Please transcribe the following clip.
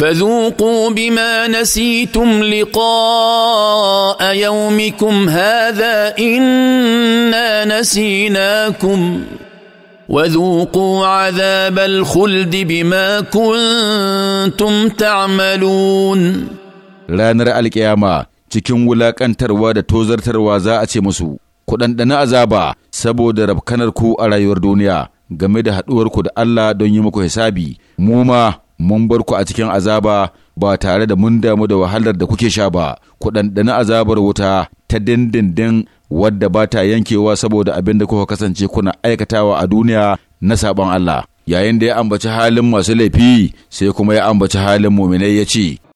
فذوقوا بما نسيتم لقاء يومكم هذا انا نسيناكم وذوقوا عذاب الخلد بما كنتم تعملون ranar alkiyama cikin wulaƙantarwa da tozartarwa za a ce musu ku ɗanɗana azaba saboda rabkanar ku a rayuwar duniya game da haɗuwarku da Allah don yi muku hisabi mu ma mun bar ku a cikin azaba ba tare da mun damu da wahalar da kuke sha ba, ku ɗanɗana azabar wuta ta dindindin wadda ba ta yankewa saboda abin da kuka kasance kuna aikatawa a duniya na saɓon Allah. Yayin da ya ambaci halin masu laifi sai kuma ya ambaci halin muminai ya ce,